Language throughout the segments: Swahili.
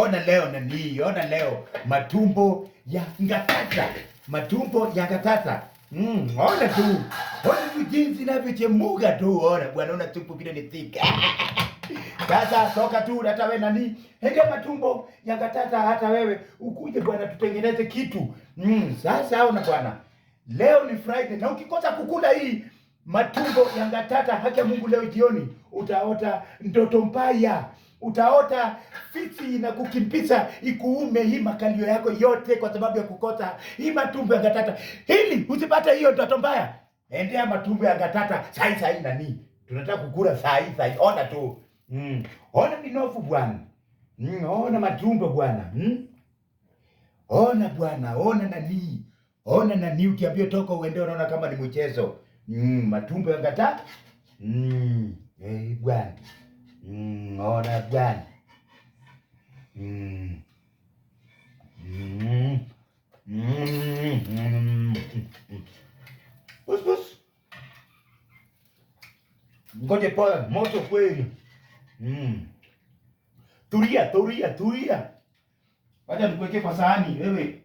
Ona leo nani, ona leo matumbo ya ngatata, matumbo ya ngatata. Mm, ona tu, ona tu jinsi inavyochemuka tu. Ona bwana, ona tumbo vile ni thika Sasa toka tu hata wewe nani, hende matumbo ya ngatata, hata wewe ukuje bwana, tutengeneze kitu mm. Sasa ona bwana, leo ni Friday na ukikosa kukula hii matumbo ya ngatata, haki ya Mungu, leo jioni utaota ndoto mbaya utaota fisi na kukimbiza ikuume hii makalio yako yote, kwa sababu ya kukosa hii matumbo ya ngatata. Hili usipate hiyo ndoto mbaya, endea matumbo ya ngatata sai sai. Nani tunataka kukula sai sai? Ona tu mm. Ona minofu bwana mm. Ona matumbo bwana mm. Ona bwana, ona nani, ona nani. Ukiambia toka uende, unaona kama ni mchezo mm. Matumbo ya ngatata mm. Hey, eh, bwana ng'ora gani? Pus pus, ngoja pole, moto kweli. Mm. Tulia, tulia, tulia, wacha nikuweke kwa sahani wewe.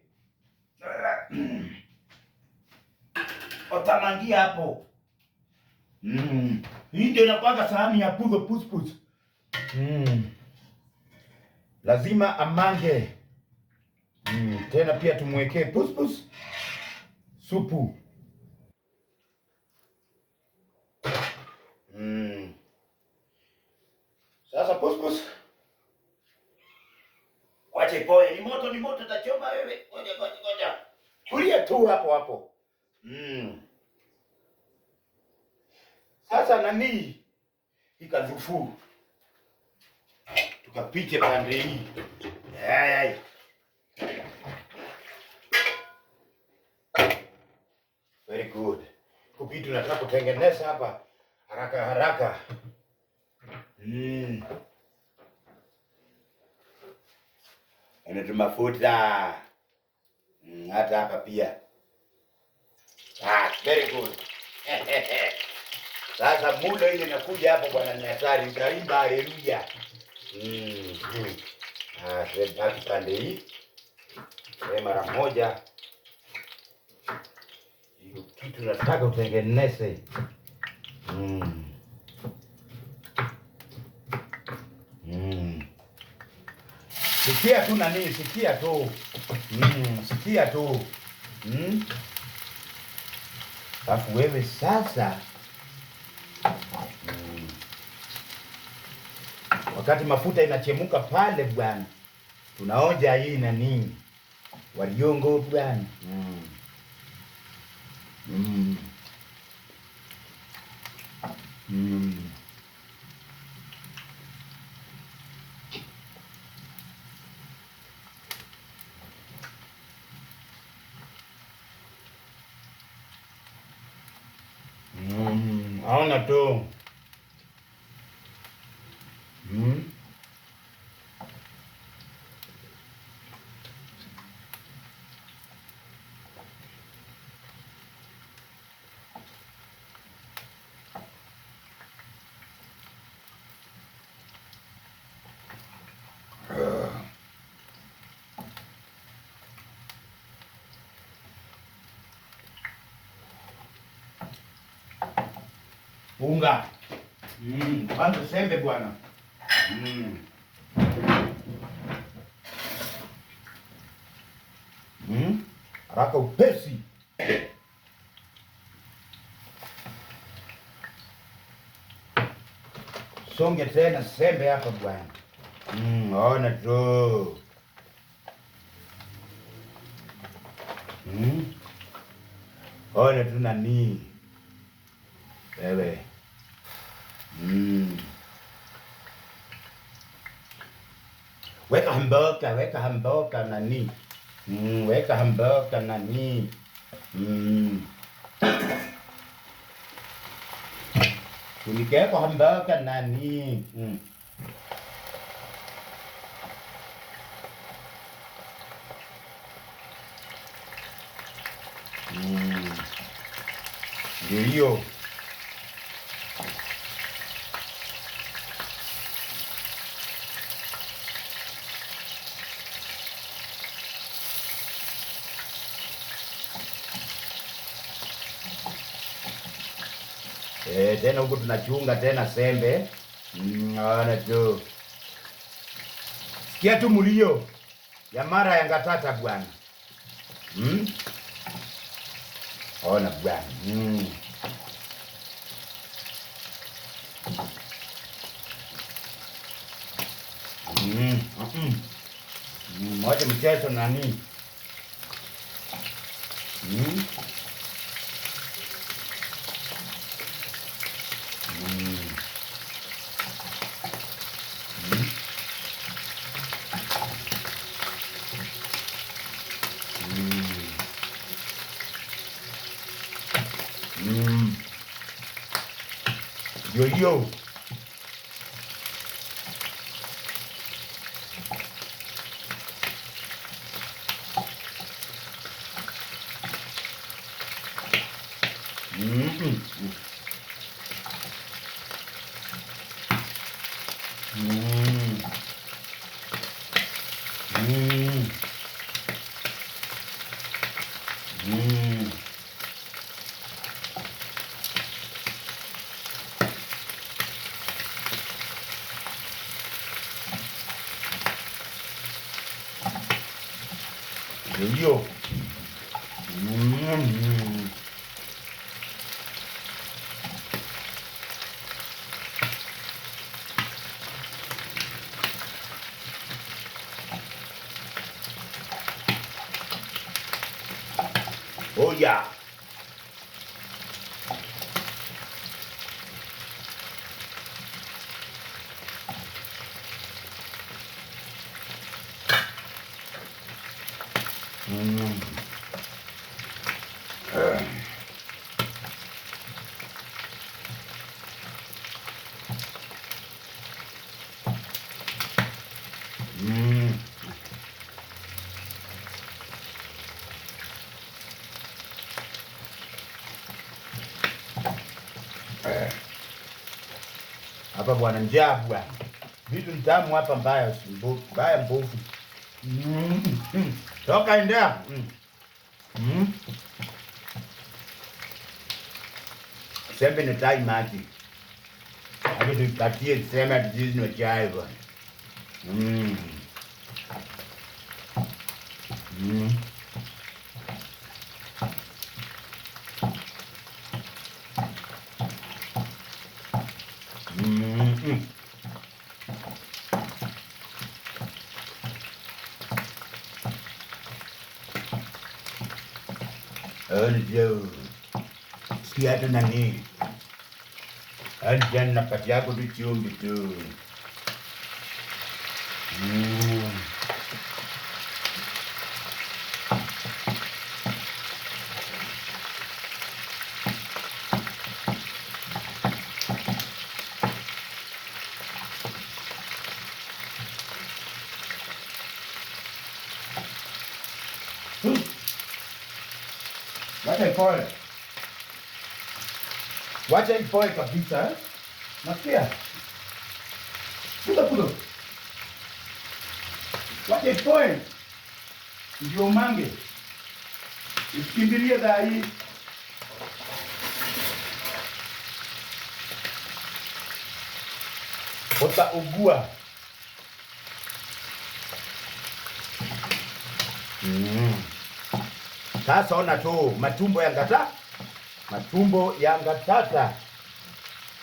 Otamangia hapo. Mm. Hii ndio inakuwa sahani ya puzo puspus mm. lazima amange mm. tena pia tumwekee puspus supu mm. Sasa puspus wache poe, ni moto, ni moto, tachoma wewe, ngoja ngoja ngoja, kulia tu hapo hapo mm. Sasa nani ikazufuu tukapite pande hii. Ayai. Very good. Kupitu nataka kutengeneza hapa haraka haraka. Mm. Ana mafuta. Mm, hata hapa pia. Ah, very good. Sasa mulo ile inakuja hapo bwana Nyasari, utaimba haleluya. Mm-hmm. Ah, pande hii eh, mara moja, hiyo kitu nataka utengeneze mm. Mm. Sikia tu nani, sikia tu mm. Sikia tu mm. alafu mm. Wewe sasa Wakati mafuta inachemuka pale bwana, tunaonja hii na nini waliongo bwana. Mm. Mm. Mm. Mm. Aona tu unga mm. sembe bwana mm. mm. Haraka upesi songe tena sembe hapa bwana mm. Ona tu mm. Ona tu nani wewe Mm. Weka hamburger, weka hamburger nani. Mm, weka hamburger nani. Mm. Ulikiweka hamburger nani. Mm. Mm. Ndio. tena huko tunachunga tena sembe. Naona mm, tu sikia tu mulio ya mara ya ngatata bwana. Mm. Ona bwana. Mm. Mm. Mm. Mm. Mmoja nani? Mm. Mm. Yo, yo. よいよ。うん hapa bwana, njaa bwana, vitu mtamu hapa, mbaya usimbovu, mbaya mbovu, mm-hmm. toka nda mm-hmm. mm-hmm. sembe netai maji akitupatie sema tizino chai bwana. Aljaw. Siya ito na ni. Aljan na kasya ko dito dito. Wacha ipoe, wacha ipoe kabisa eh? Nasikia kuda eh? kuda, wacha ipoe ndio mange isikimbilie dhaa hii. Utaugua. Mm. Sasa ona tu matumbo yangata, matumbo yangatata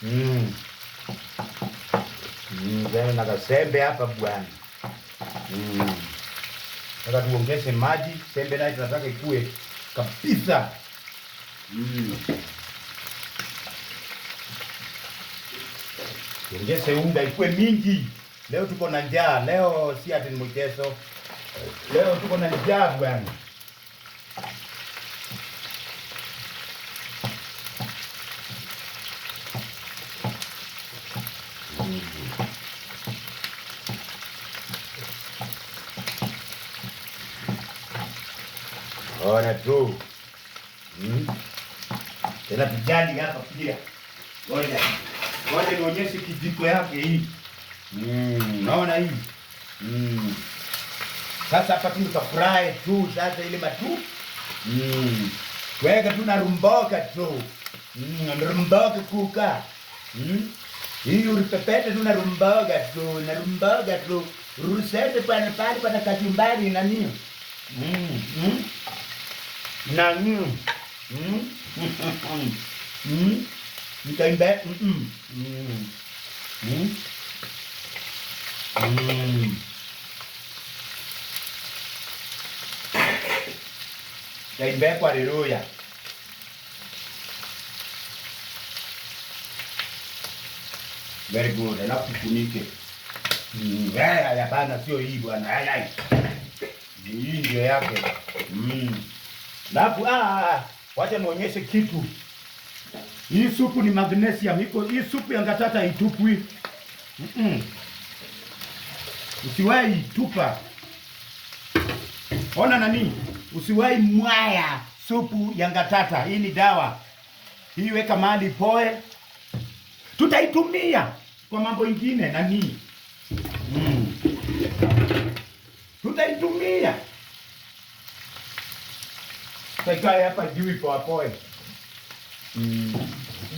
mm. Mm, na kasembe hapa bwana mm. Sasa tuongeze maji, sembe nayo tunataka ikue kabisa mm. unga ikue mingi. Leo tuko na njaa, leo si ati ni mchezo, leo tuko na njaa bwana. Ona tu. Hmm? Tena vijani hapa pia. Ngoja. Ngoja nionyeshe kijiko yake hii. Mm, naona hii. Mm. Sasa hapa tu tutafurahi tu sasa ile matu. Mm. Weka tu na rumboka tu. Mm, rumboka kuka. Mm. Hii uripepete tu na rumboka tu, na rumboka tu. Rusete pana pana pana kachumbari na nini? Mm. Mm na ng mtaim back mtaim back haleluya very good alafu funike hmm. eh, hapana sio hii bwana hii ndio yake mm. Alafu ah, ah, ah, wacha nionyeshe kitu. Hii supu ni magnesium iko. Hii supu ya ngatata itupwi. Mm -mm. Usiwahi itupa. Ona nani? Usiwahi mwaya supu ya ngatata. Hii ni dawa. Hii weka mahali poe. Tutaitumia kwa mambo ingine nani? Mm. Tutaitumia ikae hapa juu ipoapoe mm.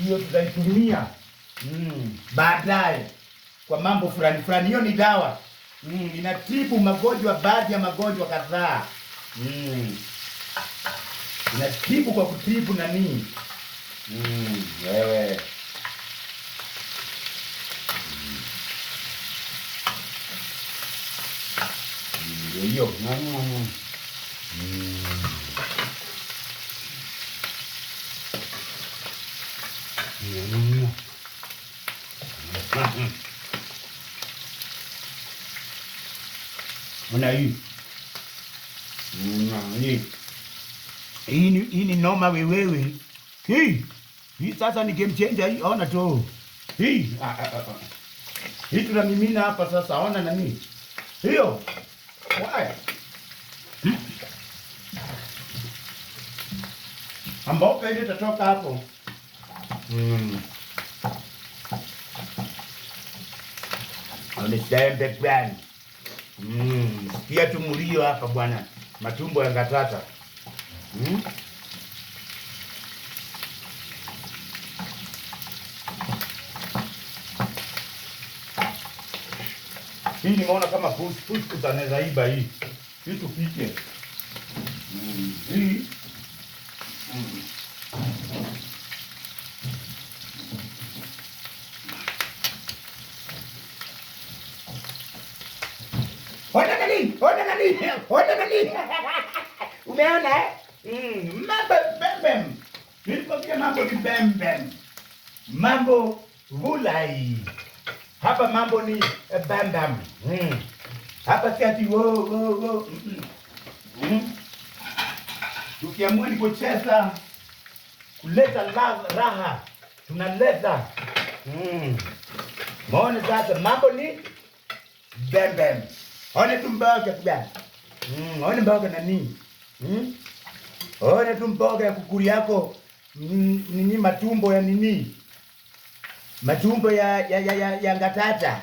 hiyo mm. Tutaitumia mm. baadaye kwa mambo fulani fulani. Hiyo ni dawa mm. inatibu magonjwa, baadhi ya magonjwa kadhaa mm. inatibu kwa kutibu nanii mm. wewe mm. hiyo mm. Ona mm, hii hii hii ni noma wewewe. Hii hii sasa ni game changer hii, ona tu hii ah, ah, ah, hii tunamimina hapa sasa, ona nani hiyo waya hmm. ambao pende tatoka hapo mm. Onesembegani Mm, sikia hapa bwana, matumbo yangatata. Mm. Hii nimeona kama kuskutaneza iba hii. Hii tupike. Mm. Hii Hotanali, hotanali, hotanali. Umeona eh? Mm, mambo bembem. Nilipokia mambo ni bembem. Mambo vulai. Hapa mambo ni eh, bambam. Mm. Hapa si ati wo wo wo. Mm. Mm. Tukiamua ni kucheza kuleta raha, tunaleta mm. Maona sasa mambo ni bembem. Ona tu mboga pia. Mm, ona mboga na nini? Mm? Ona tu mboga ya kukuri yako mm, nini matumbo ya nini? Matumbo ya ya ya, ya, ya ngatata.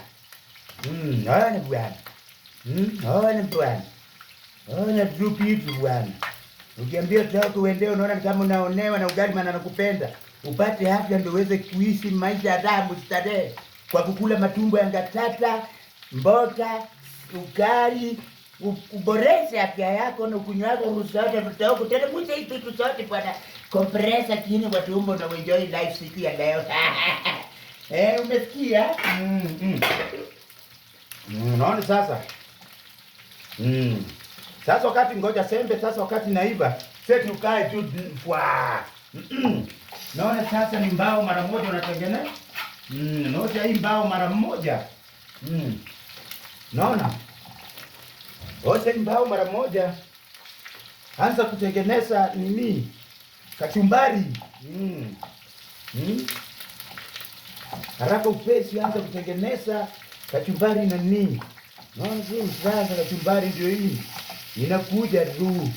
Mm, ona bwana. Mm, ona bwana. Ona tu kitu bwana. Ukiambia tako uendeo unaona kama unaonewa na ugali maana nakupenda. Upate afya ndio uweze kuishi maisha ya adabu starehe kwa kukula matumbo ya ngatata, mboga ugali uboreze afya yako na kunywa ruzote tutao kuteremsha hii kitu sote bwana. kompresa kini watu umbo na enjoy life siku ya leo. Eh, umesikia? Mm. -hmm. Mm, mm naona sasa. Mm. Sasa wakati ngoja sembe sasa wakati naiva, sasa ukae tu kwa Naona sasa ni mbao mara moja unatengeneza. Mm, naona hii mbao mara moja. Mm. Naona ose mbao mara moja, anza kutengeneza nini, kachumbari mm. Mm. Haraka upesi, anza kutengeneza kachumbari na nini. Naona nzuri sasa, kachumbari, ndio hii inakuja tu.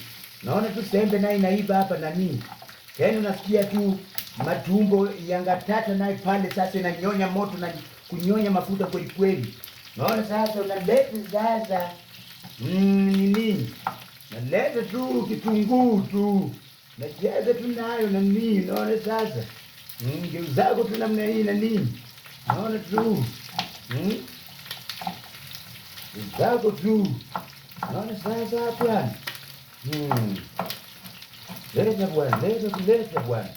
Naona tu sembe naye inaiva hapa nani, tena nasikia tu matumbo yangatata naye pale, sasa inanyonya moto na kunyonya mafuta kweli kweli. Naona sasa unaleta sasa mm, nini, naleta tu kitunguu tu nacheza tu nayo na nini, naona sasa mm, ngeuzako tu namna hii na nini, naona tu mm, zako tu, naona sasa hapa leta bwana, leta tuleta bwana,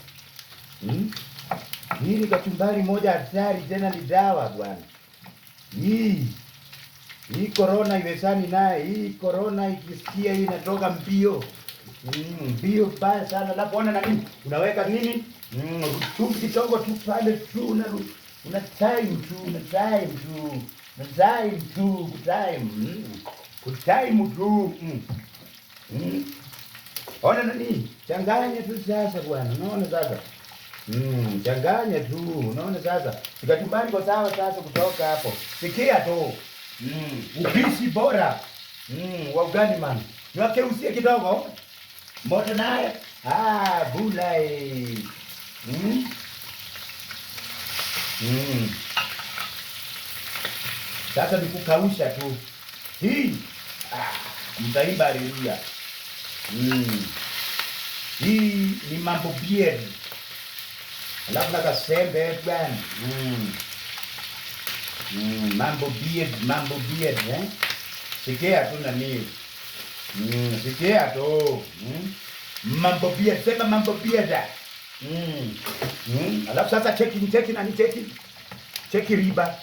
ni kachumbari moja hatari tena ni dawa bwana hii hii korona iwezani naye. Hii korona ikisikia hii inatoka mbio mm, mbio mbaya sana, alafu ona na nini, unaweka nini mm, tu kidogo tu pale tu, una una time tu, una time tu, una time tu, time mm, time tu, ona nani, changanya tu sasa bwana, unaona sasa Mm, changanya tu. Unaona sasa? Kikachumbari kwa sawa sasa kutoka hapo. Sikia tu. Mm, upishi bora. Mm, wa man. Niwake usie kidogo. Moto naye. Ah, bulai. Mm. Mm. Sasa ni kukausha tu. Hii. Ah, mtaimba aliria. Mm. Hii ni mambo bieri labda kasembe gani? mm. mm. mambo beard, mambo beard eh? Sikia tu nani mm. sikia tu mm. mambo beard, sema mambo beard mm. mm. alafu sasa cheki cheki nani cheki cheki riba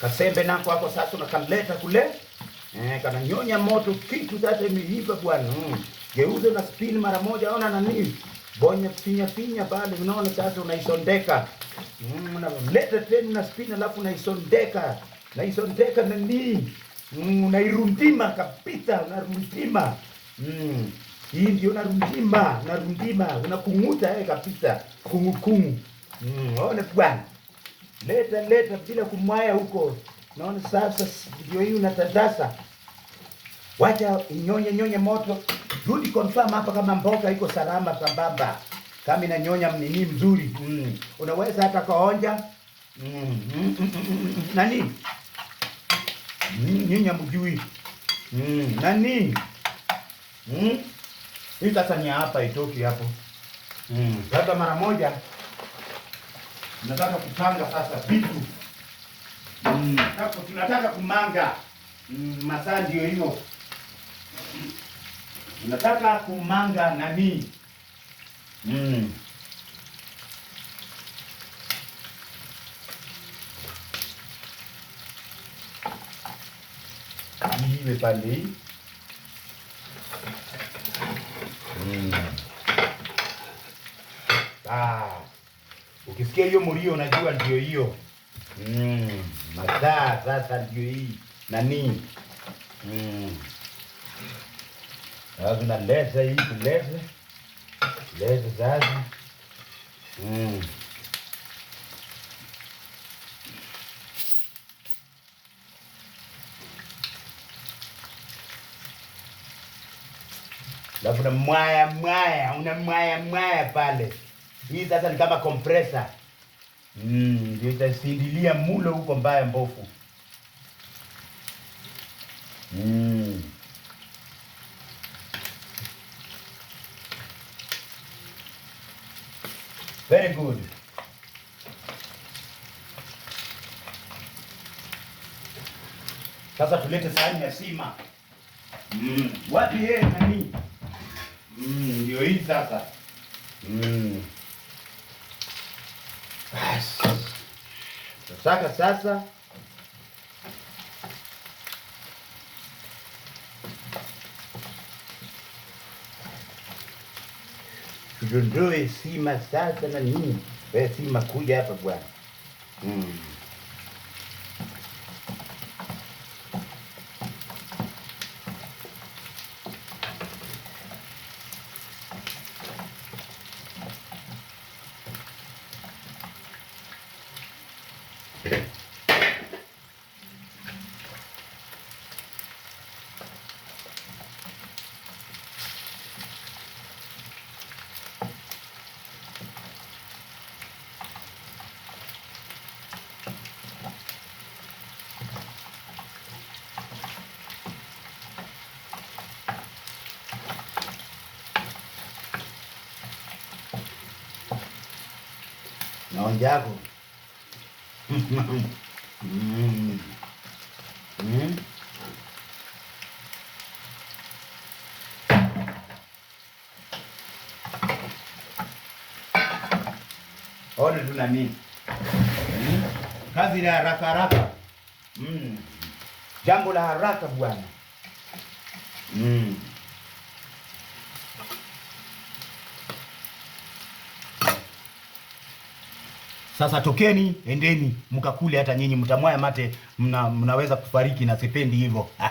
kasembe nako hapo sasa unakaleta kule eh, nyonya moto kitu sasa imeiva bwana mm. geuze na spin mara moja, ona nani Bonya finya finya pale, unaona sasa unaisondeka. Mm, unaleta tena na spin alafu unaisondeka. Naisondeka na nini? Mm, unairundima kabisa, unarundima. Mm. Hii ndio unarundima, unarundima, unakunguta eh, kabisa. Kungukungu. Mm, ona bwana. Leta leta bila kumwaya huko. Naona sasa ndio hii unatandasa wacha inyonye nyonye moto, rudi confirm hapa kama mboga iko salama sambamba, kama inanyonya nini mzuri mm. Unaweza hata kaonja mm mm, mm. mm, mm, mm, nani mm, mjui mm. nani mm. hii sasa ni hapa itoki hapo mm. Labda mara moja nataka kupanga sasa vitu mm. Tunataka kumanga mm, masaa ndio hiyo. Unataka kumanga nani? Mm. Iwe pande Mm. Ah. Ukisikia hiyo mlio unajua ndio hiyo. Mm. Masaa sasa ndio hii nani? Mm. Ave na lesa aí, lesa. Lesa da ave. Hum. Lava na maia, maia, uma maia, maia, vale. Isso é só ligar para compressa. Hum, deita estou sentindo ali a mula com baia em bofo. Hum. Very good. Sasa tulete sahani ya sima. Mm. Wapi yeye nani? Mm, ndio hii sasa. Mm. Sasa sasa Ndio heshima sasa na nini heshima kuja hapa bwana mm. naonja yako mm. Ona tu na hmm? Kazi la haraka haraka hmm. Jambo la haraka bwana mm. Sasa tokeni, endeni mkakule, hata nyinyi mtamwaya mate, mna, mnaweza kufariki na sipendi hivyo.